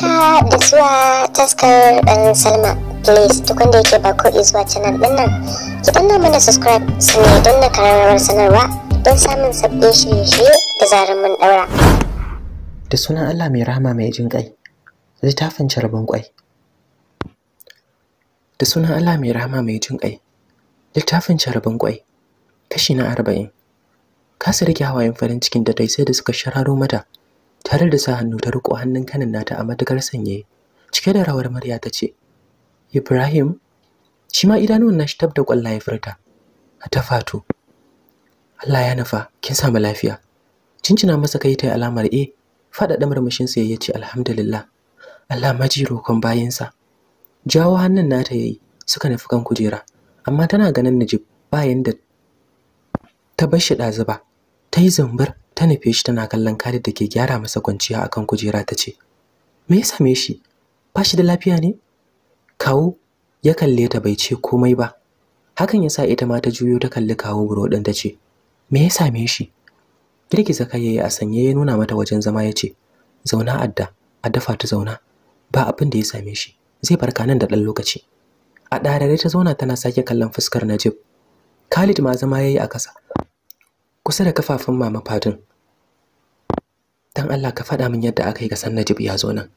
haka da zuwa taskar dan salma please duk wanda yake ba ko zuwa canal din nan ki danna mana subscribe su ne don na kararrawar sanarwa don samun sabbin shirye-shirye da zarar mun daura da sunan allah mai rahama mai jin kai littafin carabin kwai da sunan allah mai rahama mai jin kai littafin carbin kwai kashi na arba'in kasa rike hawayen farin cikin da sai da suka shararo mata tare da sa hannu ta riko hannun kanin nata a madigar sanye cike da rawar murya ta ce Ibrahim shi ma idanuwan nashi tab da kwallaye furta ta fato Allah ya nafa kin samu lafiya cincina masa kai ta alamar e faɗaɗa murmushin sa ce, alhamdulillah Allah maji rokon sa jawo hannun nata yayi suka nufi kan kujera amma tana ganin Najib bayan da ta bar shi ɗazu ba ta zumbur ta nufe shi tana kallon Khalid da ke gyara masa kwanciya akan kujera ta ce, Me ya same shi? Ba shi da lafiya ne? Kawo ya kalle ta bai ce komai ba. Hakan yasa ita ma ta juyo ta kalli kawo buro ɗin ta ce, Me ya same shi? Girgiza kai ya a sanye ya nuna mata wajen zama ya ce, Zauna adda, a dafa ta zauna, ba abin da ya same shi, zai barka nan da ɗan lokaci. A ɗarare ta zauna tana sake kallon fuskar Najib. Khalid ma zama ya yi a kasa, kusa da kafafun mama fatun. Dan Allah ka faɗa min yadda aka yi ga Najib ya zo nan.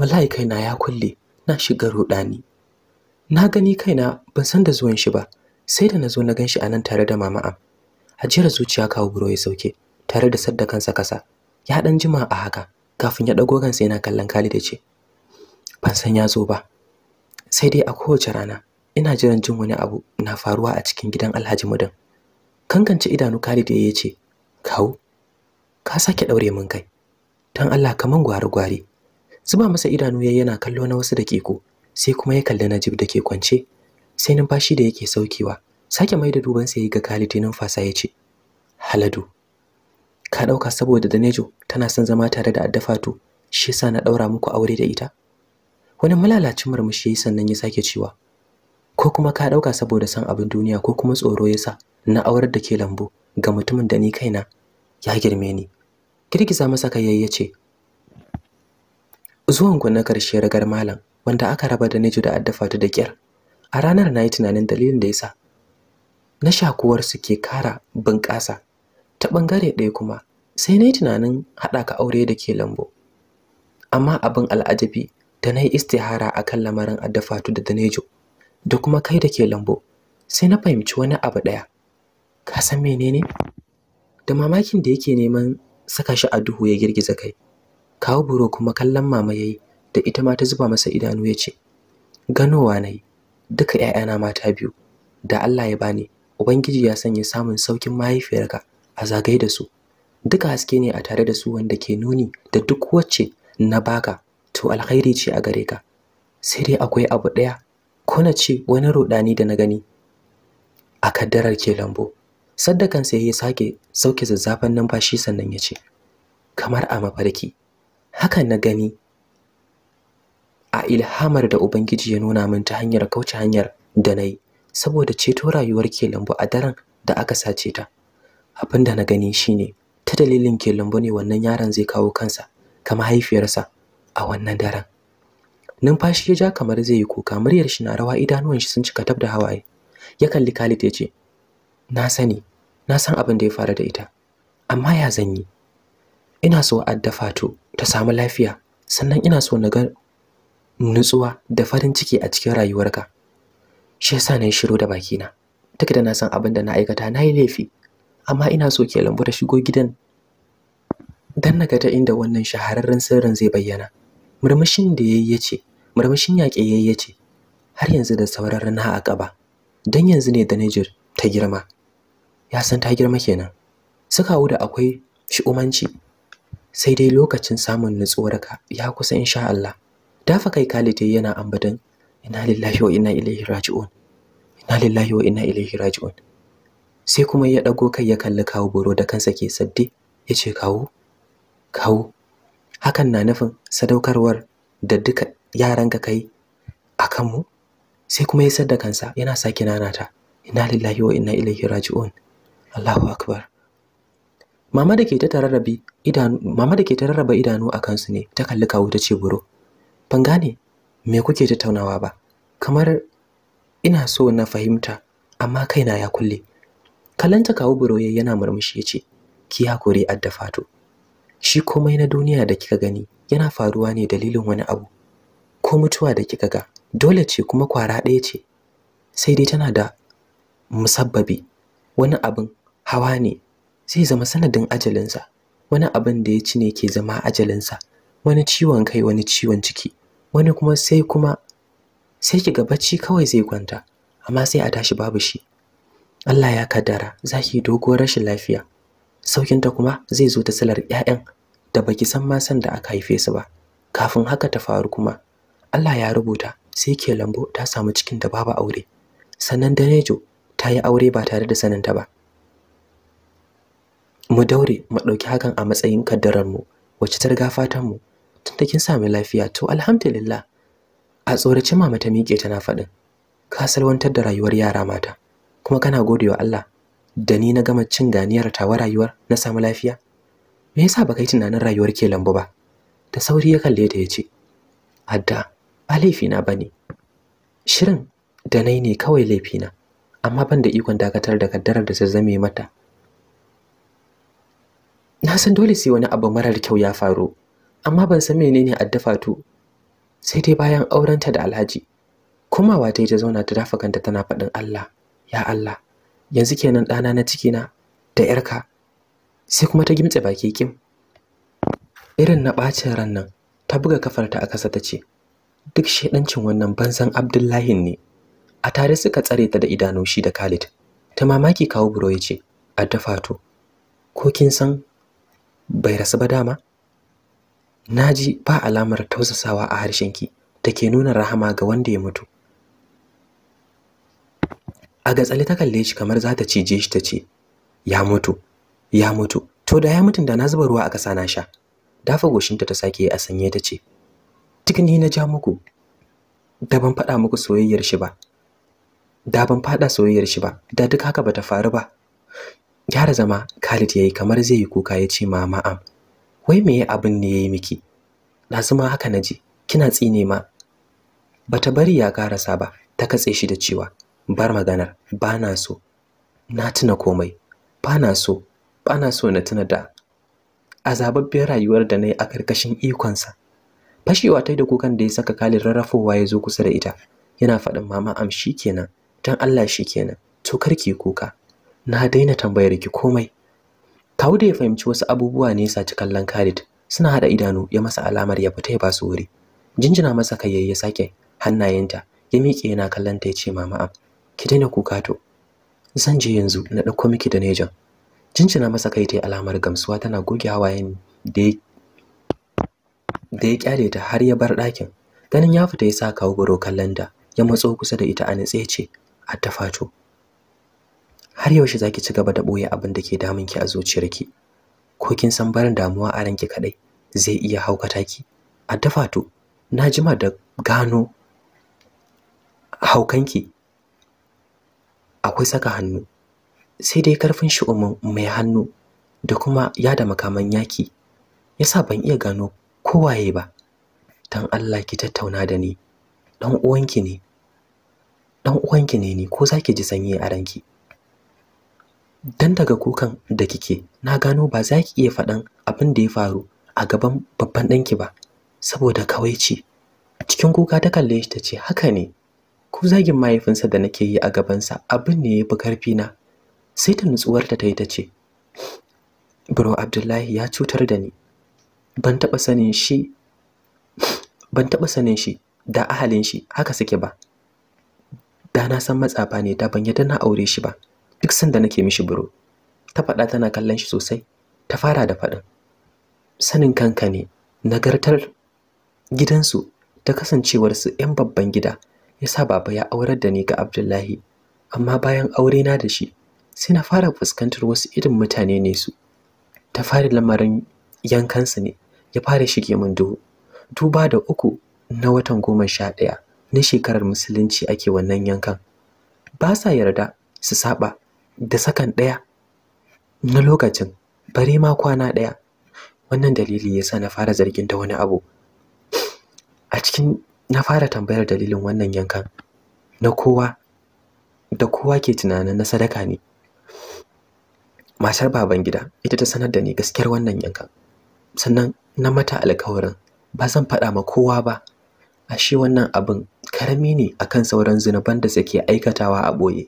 Wallahi kaina ya kulle, na shiga ruɗani. Na gani kaina ban san da zuwan shi ba, sai da na zo na gan shi a nan tare da mama am. Hajiyar zuciya kawo buro ya sauke, tare da sadda kansa kasa. Ya ɗan jima a haka, kafin ya ɗago kansa yana kallon Khalid da ce, Ban san ya zo ba, sai dai a kowace rana ina jiran jin wani abu na faruwa a cikin gidan Alhaji Mudan. kankance idanu Khalid ya ce kawo ka sake daure min kai dan Allah kaman gwari gwari zuba masa idanu yayin yana kallo na wasu keko, sai kuma ya kalli Najib ke kwance sai numfashi da yake saukewa sake mai da duban sa yi ga Khalid numfasa ya ce Haladu ka dauka saboda Danejo tana son zama tare da Addafatu shi yasa na daura muku aure da ita wani malalacin murmushi sannan ya sake cewa ko kuma ka dauka saboda san abin duniya ko kuma tsoro yasa na aurar da ke lambu ga mutumin da ni kaina ya girme ni girgiza masa kai ya ce zuwan na karshe ragar malam wanda aka raba da Neju da addafa da kyar a ranar na yi tunanin dalilin da yasa na shakuwar su ke kara bunƙasa ta ɓangare ɗaya kuma sai na yi tunanin haɗa ka aure da ke lambu amma abin al'ajabi da na yi istihara akan kan lamarin addafatu da danejo da kuma kai da ke lambu, sai na fahimci wani abu ɗaya ka san menene da mamakin da yake neman saka shi a duhu ya girgiza kai kawo buro kuma kallon mama yayi da ita ma ta zuba masa idanu ya ce ganowa nayi duka ƴaƴana mata biyu da Allah ya bani ubangiji ya sanya samun saukin mahaifiyarka a zagaye da su duka haske ne a tare da su wanda ke nuni da duk wacce na baka to alkhairi ce a gare ka sai dai akwai abu ɗaya ko na ce wani ruɗani da na gani a kaddarar ke lambo sadda kansa ya sake sauke zazzafan numfashi sannan ya ce kamar a mafarki hakan na gani a ilhamar da ubangiji ya nuna min ta hanyar kauce hanyar da na yi saboda ceto rayuwar ke lambu a daren da aka sace ta abin da na gani shine ta dalilin ke lambu ne wannan yaron zai kawo kansa ka mahaifiyarsa a wannan daren numfashi ya ja kamar zai yi kuka muryar shi na rawa idanuwan shi sun cika tab da hawaye ya kalli Khalid ya ce na sani na san abin da ya faru da ita amma ya zan yi ina so a da to ta samu lafiya sannan ina so na ga nutsuwa da farin ciki a cikin rayuwarka shi yasa na yi shiru da na duk da na san abin da na aikata na yi laifi amma ina so ke lambu da shigo gidan dan naga ta inda wannan shahararren sirrin zai bayyana murmushin da yayi yace murmushin yaƙe yayi yace har yanzu da sauran na a ƙaba dan yanzu ne da Niger ta girma ya san ta girma kenan su kawu da akwai umanci sai dai lokacin samun nutsuwar ka ya kusa insha Allah dafa kai kalite yana ambaton inna lillahi wa inna ilaihi raji'un inna lillahi wa inna ilaihi raji'un sai kuma ya dago kai ya kalli kawo boro da kansa ke sadde ya ce kawo kawo hakan na nufin sadaukarwar da duka yaranka kai a kanmu sai kuma ya sadda kansa yana sake nanata inna lillahi wa inna ilaihi raji'un Allahu akbar mama da ke ta tararrabe idanu mama da ta rarraba idanu a kansu ne ta kalli kawo ta ce buro ban gane me kuke tattaunawa ba kamar ina so na fahimta amma kaina ya kulle kallanta kawu buro yana murmushi yace ce ki hakuri adda fato shi komai na duniya da kika gani yana faruwa ne dalilin wani abu ko mutuwa da kika ga dole ce kuma kwara ɗaya ce sai dai tana da musabbabi wani abin hawa ne zai zama sanadin ajalinsa wani abin da ya ci ne ke zama ajalinsa wani ciwon kai wani ciwon ciki wani kuma sai kuma sai kiga bacci kawai zai kwanta amma sai a tashi babu shi Allah ya kaddara zaki doguwar rashin lafiya saukinta kuma zai zo ta salar ƴaƴan da baki san ma san da aka haife su ba kafin haka ta faru kuma Allah ya rubuta sai ke lambo ta samu cikin da babu aure sannan Danejo ta yi aure ba tare da saninta ba mu daure mu ɗauki hakan a matsayin mu wacce ta riga mu tun da kin sami lafiya to alhamdulillah a tsoracin mama ta miƙe tana faɗin ka salwantar da rayuwar yara mata kuma kana gode wa Allah da ni na gama cin ganiyar tawa rayuwar na samu lafiya me yasa baka yi tunanin rayuwar ke lambu ba da sauri ya kalle ta ya ce adda ba laifina ba ne shirin da nai ne kawai laifi na amma ban da ikon dakatar da kaddarar da ta zame mata na san dole sai wani abu marar kyau ya faru amma ban san menene addafa tu sai dai bayan aurenta da alhaji komawa ta yi ta zauna ta dafa kanta tana faɗin allah ya allah yanzu kenan ɗana na cikina da yarka sai kuma ta gimtse baki kim irin na ɓacin ran nan ta buga kafarta a kasa ta ce duk shaidancin wannan banzan Abdullahi ne a tare suka tsare ta da idanu shi da khalid ta mamaki kawo buro ya ce a dafa to ko kin san bai rasu ba dama Na ji ba alamar tausasawa a harshen harshenki ke nuna rahama ga wanda ya mutu a gatsali ta kalle shi kamar za ta cije shi ta ce ya mutu ya mutu to da ya mutun da na zuba ruwa a ƙasa na sha dafa goshinta ta sake a sanye ta ce duk ni na ja muku da ban faɗa muku soyayyar shi ba da ban faɗa soyayyar shi ba da duk haka ba ta faru ba gyara zama Khalid yayi kamar zai yi kuka ya ce mama am wai meye abin ne ya yi miki Na zama haka naji kina tsine ma bata bari ya karasa ba ta katse shi da cewa bar maganar bana so na tuna komai bana so bana so na tuna da azababben rayuwar da na yi a karkashin ikonsa fashewa yi da kukan da ya saka Khalid rarrafowa ya zo kusa da ita yana faɗin mama am kenan, dan Allah shi kenan, to karki kuka na daina tambayar ki komai kawu da ya fahimci wasu abubuwa ne sa saci kallon Khalid suna hada idanu ya masa alamar ya fita ya ba su wuri jinjina masa kai ya sake hannayenta ya miƙe yana kallon ta ya ce mama am ki daina kuka to zan je yanzu na ɗauko miki da nejan jinjina masa kai ta alamar gamsuwa tana goge hawayen da da ya kyale ta har ya bar ɗakin ganin ya fita ya sa kawo goro kallon da ya matso kusa da ita a nitse ce a tafato har yaushe zaki ci gaba da boye abin da ke damun ki a zuciyarki ko kin san barin damuwa a ranki kadai zai iya haukata ki a dafa to na jima da gano haukanki akwai saka hannu sai dai karfin shi'umin mai hannu da kuma ya da makaman yaki yasa ban iya gano ko waye ba dan Allah ki tattauna da ni dan uwanki ne dan uwanki ne ni ko zaki ji sanyi a ranki dan daga kukan da kike na gano ba za ki iya faɗan abin da ya faru a gaban babban ɗanki ba saboda kawaici cikin kuka ta kalle shi ta ce haka ne ko zagin mahaifinsa da nake yi a gabansa abin ne ya fi karfi na sai ta nutsuwarta ta yi ta ce bro abdullahi ya cutar da ni ban taɓa sanin shi ban taɓa sanin shi da ahalin shi haka suke ba da na san matsafa ne da ban yadda na aure shi ba duk sanda nake mishi buro ta faɗa tana kallon shi sosai ta fara da faɗin sanin kanka ne nagartar gidansu ta kasancewar su 'yan babban gida ya sa baba ya aurar da ni ga abdullahi amma bayan aure na da shi sai na fara fuskantar wasu irin mutane ne su ta fara lamarin yankan su ne ya fara shige min duhu duba da uku na watan goma sha ɗaya na shekarar musulunci ake wannan yankan ba sa yarda su saba da sakan ɗaya na lokacin bare ma kwana ɗaya wannan dalili ya sa na fara zargin da wani abu a cikin na fara tambayar dalilin wannan yankan na kowa da kowa ke tunanin na sadaka ne matar baban gida ita ta sanar da ni gaskiyar wannan yankan sannan na mata alkawarin ba zan faɗa ma kowa ba ashe wannan abin karami ne akan sauran zinuban da suke aikatawa a ɓoye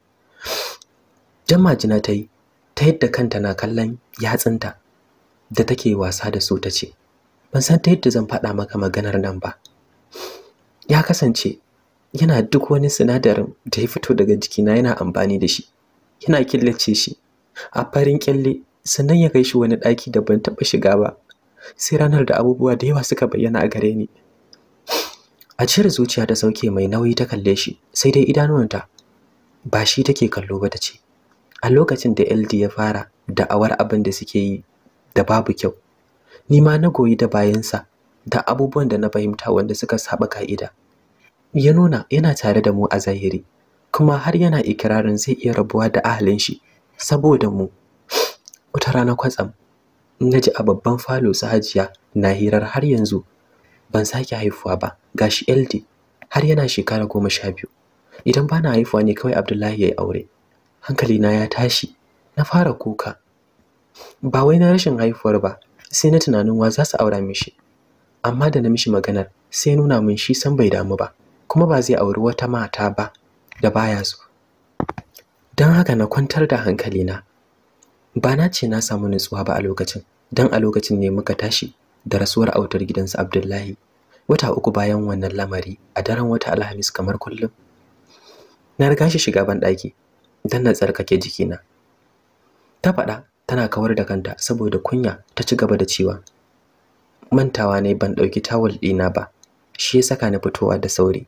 jan majina ta yi ta yadda kanta na kallon yatsunta da take wasa da su ta ce ban san ta yadda zan faɗa maka maganar nan ba ya kasance yana duk wani sinadarin da ya fito daga jikina yana amfani da shi yana killace shi a farin kyalle sannan ya kai shi wani ɗaki da ban taɓa shiga ba sai ranar da abubuwa da yawa suka bayyana a gare ni a cire zuciya ta sauke mai nauyi ta kalle shi sai dai idanuwanta ba shi take kallo ba ta ce a lokacin da LD ya fara da'awar abin da suke yi da babu kyau ni ma na goyi da bayansa da abubuwan da na fahimta wanda suka saba ka'ida ya nuna yana tare da mu a zahiri kuma har yana ikirarin zai iya rabuwa da ahalin shi saboda mu wata rana kwatsam na ji a babban falo su hajiya na hirar har yanzu ban sake haifuwa ba gashi LD har yana shekara goma sha biyu idan bana haifuwa ne kawai Abdullahi ya yi aure Hankali na ya tashi na fara kuka ba wai na rashin haifuwar ba sai na tunanin wa za su aura mishi amma da na mishi maganar sai nuna min shi san bai damu ba kuma ba zai auri wata mata ba da baya so don haka na kwantar da hankalina ba na ce na samu nutsuwa ba a lokacin don a lokacin ne muka tashi da rasuwar autar gidansu abdullahi wata uku bayan wannan lamari a daren wata alhamis kamar kullum na riga shi shiga banɗaki don na tsarkake jikina ta faɗa tana kawar da kanta saboda kunya ta ci gaba da cewa mantawa ne ban ɗauki tawul ɗina ba shi ya saka ni fitowa da sauri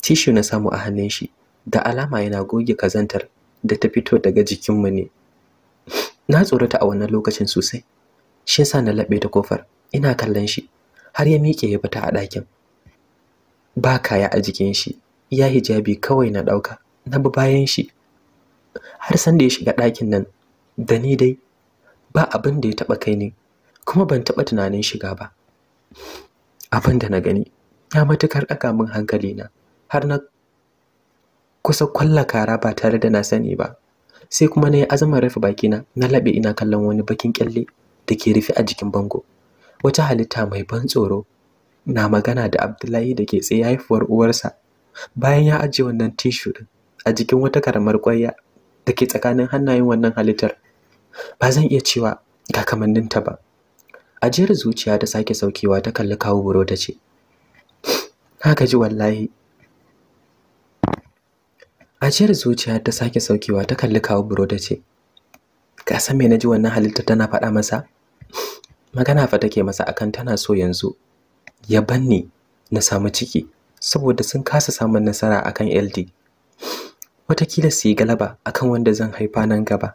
tishu na samu a hannun shi da alama yana goge kazantar da ta fito daga jikinmu ne na tsorata a wannan lokacin sosai shi yasa na laɓe ta kofar ina kallon shi har ya miƙe ya fita a ɗakin ba kaya a jikin shi ya hijabi kawai na ɗauka na bi bayan shi har san da ya shiga ɗakin nan da ni dai ba abin da ya taɓa kai ne kuma ban taɓa tunanin shiga ba abin da na gani ya matukar ɗaga min hankali na har na kusa kwalla kara ba tare da na sani ba sai kuma na yi azama rufe bakina na laɓe ina kallon wani bakin kyalle da ke rufe a jikin bango wata halitta mai ban tsoro na magana da abdullahi da ke tsaye haifuwar uwarsa bayan ya ajiye wannan tishu a jikin wata karamar ƙwarya da ke tsakanin hannayen wannan halittar ba zan iya cewa ga kamanninta ba ajiyar zuciya da sake saukewa ta kalli kawo buro ta ce na gaji wallahi ajiyar zuciya da sake saukewa ta kalli kawo buro ta ce ka san me ji wannan halittar tana faɗa masa magana fa take masa akan tana so yanzu ya banni na samu ciki saboda sun kasa samun nasara akan LD watakila su yi galaba akan wanda zan haifa nan gaba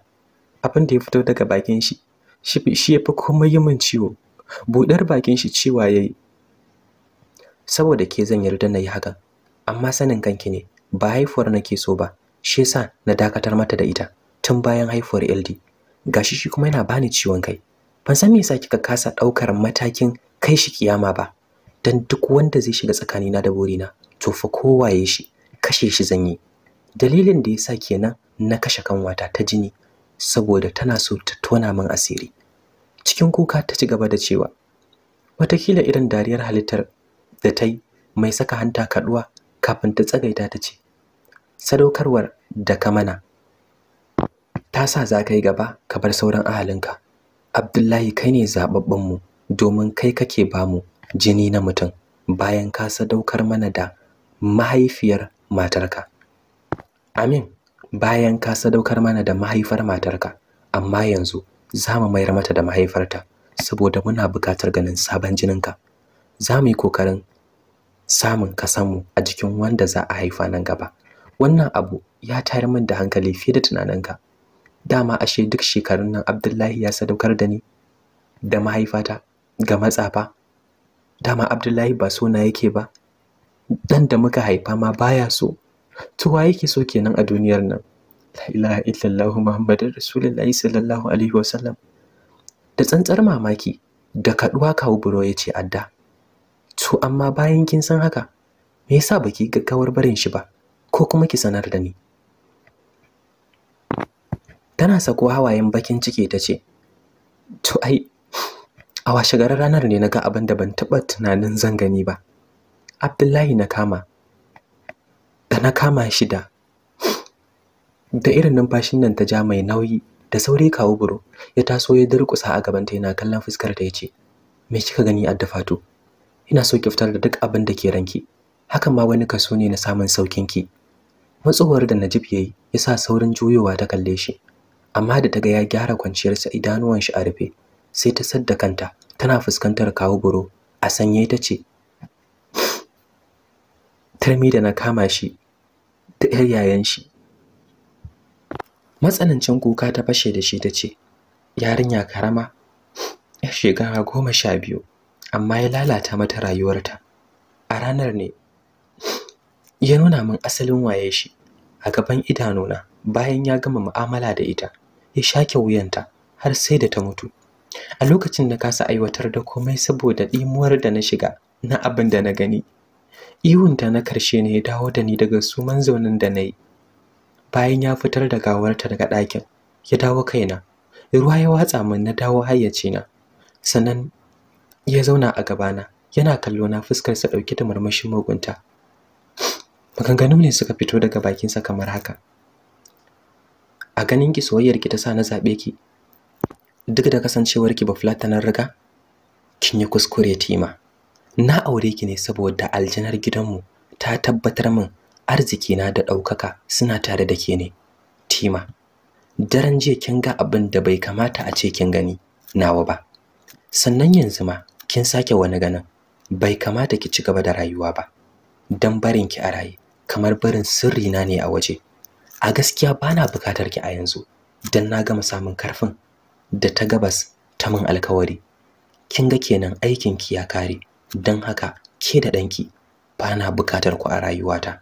abin da ya fito daga bakin shi shi ya fi komai yi min ciwo buɗar bakin shi cewa ya yi saboda ke zan yarda na yi hakan amma sanin kanki ne ba haifuwar nake so ba shi yasa na dakatar mata da ita tun bayan haifuwar LD gashi shi kuma yana bani ciwon kai ban san me yasa kika kasa ɗaukar matakin kai shi kiyama ba dan duk wanda zai shiga tsakanina da burina to fa kowaye shi kashe shi zan yi dalilin da yasa kenan na kashe kanwata ta jini saboda tana so ta tona min asiri cikin kuka ta ci gaba da cewa watakila irin dariyar halittar da ta yi mai saka hanta kaduwa kafin ta tsagaita ta ce sadaukarwar da ka mana ta sa za ka yi gaba ka bar sauran ahalinka abdullahi kai ne mu domin kai kake mu jini na mutum bayan ka sadaukar mana da mahaifiyar matarka Amin, bayan ka sadaukar mana da mahaifar matarka, amma yanzu za mu mayar mata da mahaifarta saboda muna buƙatar ganin sabon jininka. Za mu yi ƙoƙarin samun kasanmu a jikin wanda za a haifa nan gaba. Wannan abu ya tayar min da hankali fiye da tunaninka. Dama ashe duk shekarun nan Abdullahi ya sadaukar da ni da mahaifata ga matsafa. Dama Abdullahi ba so na yake ba. Dan da muka haifa ma baya so. to wa yake so kenan a duniyar nan la ilaha illallah muhammadur rasulullahi sallallahu alaihi wasallam da tsantsar mamaki da kaduwa kawo buro ya ce adda to amma bayan kin san haka me yasa baki gaggawar barin shi ba ko kuma ki sanar da ni tana sako hawayen bakin ciki ta ce to ai a washe garin ranar ne na ga abin da ban taɓa tunanin zan gani ba abdullahi na kama da na kama shi da da irin numfashin nan ta ja mai nauyi da sauri kawo buro ya taso ya durƙusa a gabanta yana kallon fuskar ta yace me kika gani adda fatu ina so ki fitar da duk abin da ke ranki hakan ma wani kaso ne na samun saukin ki matsowar da Najib yayi ya sa saurin juyowa ta kalle shi amma da ta ga ya gyara kwanciyar sa, idanuwan shi a rufe sai ta sadda kanta tana fuskantar kawo buro a sanye ta ce turmi da na kama shi Da 'yar yayan shi matsanancin kuka ta fashe da shi ta ce yarinya karama ya shekara goma sha biyu amma ya lalata mata rayuwarta a ranar ne ya nuna min asalin waye shi a gaban idanuna bayan ya gama mu'amala da ita ya shake wuyanta har sai da ta mutu a lokacin na kasa aiwatar da komai saboda ɗimuwar da na shiga na abin da na gani Ihunta na karshe ne ya dawo da ni daga suman zaunin da na yi. Bayan ya fitar da gawarta daga ɗakin, ya dawo kaina. Ruwa ya watsa min na dawo hayyacina. Sannan ya zauna a gabana, yana kallona fuskarsa ɗauke da murmushin mugunta. Maganganu ne suka fito daga bakinsa kamar haka. A ganin ki ki ta sa na zaɓe ki. Duk da kasancewar ki ba nan riga, kin yi kuskure tima. na aure ki ne saboda aljinar gidanmu ta tabbatar min arzikina da ɗaukaka suna tare da ke ne tima daren jiya kin ga abin da bai kamata a ce kin gani nawa ba sannan yanzu ma kin sake wani ganin bai kamata ki ci gaba da rayuwa ba dan barin ki a raye kamar barin sirri na ne a waje a gaskiya bana bukatar ki a yanzu dan na gama samun karfin da ta gabas ta min alkawari kin ga kenan aikin ki ya kare don haka ke da ɗanki ba na bukatar ku a rayuwata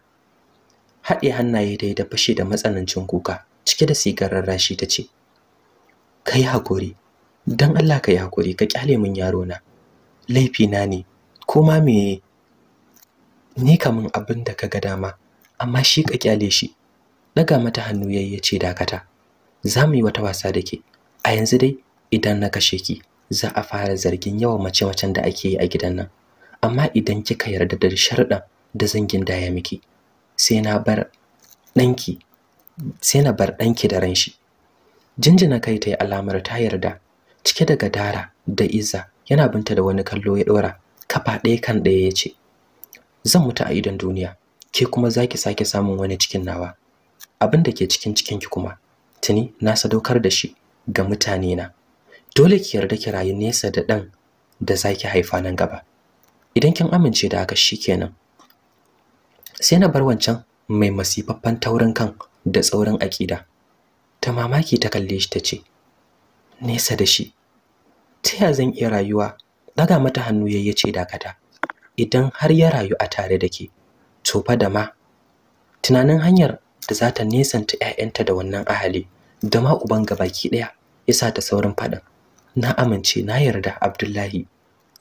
haɗe hannaye dai da fashe da matsanancin kuka cike da sigar rarrashi ta ce ka yi haƙuri don allah ka yi haƙuri ka ƙyale min yarona laifina ne ko ma meye ni kamun abin da ka ga dama amma shi ka ƙyale shi ɗaga mata hannu yi ya ce dakata za mu yi wata wasa da ke a yanzu dai idan na kashe ki za a fara zargin yawan mace-macen da ake yi a gidan nan amma idan kika yarda da sharɗan da zan gindaya miki sai na bar ɗanki sai na bar danki da ranshi jinjina kai ta alamar ta yarda cike da gadara da izza yana binta da wani kallo ya ɗora kafa ɗaya kan ɗaya ya ce zan mutu a idon duniya ke kuma zaki ki sake samun wani cikin nawa abin da ke cikin cikin ki kuma tuni na sadaukar da shi ga mutane na dole ki yarda ki rayu nesa da ɗan da zaki haifa nan gaba idan kin amince da haka shikenan sai na bar wancan mai masifaffan taurin kan da tsaurin aƙida ta mamaki ta kalle shi tace nesa da shi ta ya zan iya rayuwa daga mata hannu ya ce dakata idan har ya rayu a tare da ke to fa da ma tunanin hanyar da za ta nesanta 'ya'yanta da wannan ahali da ma uban gabaki ɗaya ya sa ta saurin faɗin na amince na yarda abdullahi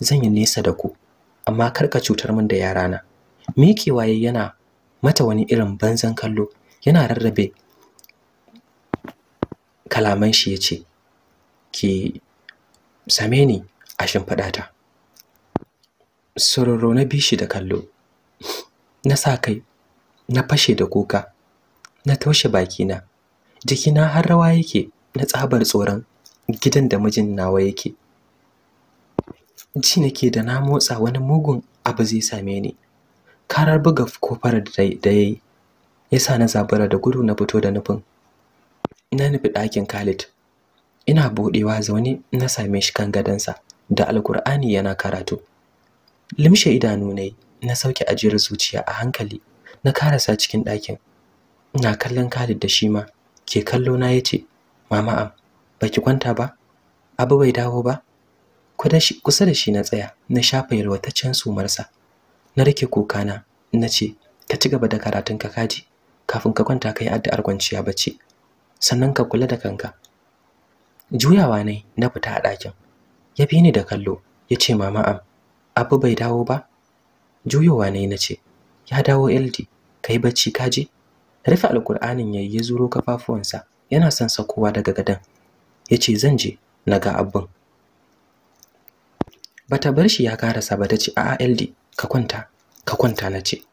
zan yi nesa da ku amma kar ka cutar min da yarana miƙewa waye yana mata wani irin banzan kallo yana rarrabe kalaman shi yace ki same ni a shimfidata. ta sororo na bishi da kallo na sa kai na fashe da kuka na taushe bakina jikina har rawa yake na tsabar tsoron gidan da mijin nawa yake ji nake da na motsa wani mugun abu zai same ni karar buga kofar da ya yi ya sa na zabura da gudu na fito da nufin na nufi ɗakin khalid ina buɗewa zaune na same shi kan gadonsa da alkur'ani yana karatu limshe idanu na yi na sauke ajiyar zuciya a hankali na karasa cikin ɗakin ina kallon khalid da shi ma ke kallo na ya ce mama am baki kwanta ba abu bai dawo ba kusa da shi na tsaya na shafa yalwataccen sumarsa na rike kokana na ce ka ci gaba da karatun ka kaji kafin ka kwanta ka yi addu'ar kwanciya bacci sannan ka kula da kanka juyawa ne na fita a ɗakin ya bi ni da kallo ya ce mama am abu bai dawo ba juyowa ne na ce ya dawo LD yi bacci kaji rufe alkur'anin yayi ya zuro kafafuwansa yana son sakowa daga gadan ce zan je na ga abin. bata bar shi ya karasa ba tace a LD ka kwanta ka kwanta nace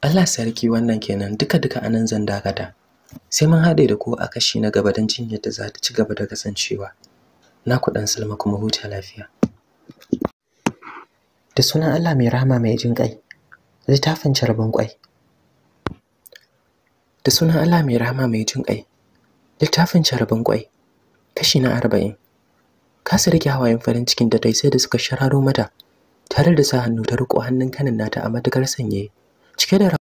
Allah sarki wannan kenan duka duka anan zan dakata sai mun haɗe da ku a kashi na gaba dan jin yadda za ta ci gaba da kasancewa na ku dan Salma kuma huta lafiya da sunan Allah mai rahama mai jin kai littafin charbon kwai da sunan Allah mai rahama mai jin kai littafin charbon kwai kashi na arba'in. kasa rike hawayen farin cikin da tai sai da suka shararo mata tare da sa hannu ta riko hannun kanin nata a matakar sanye cike da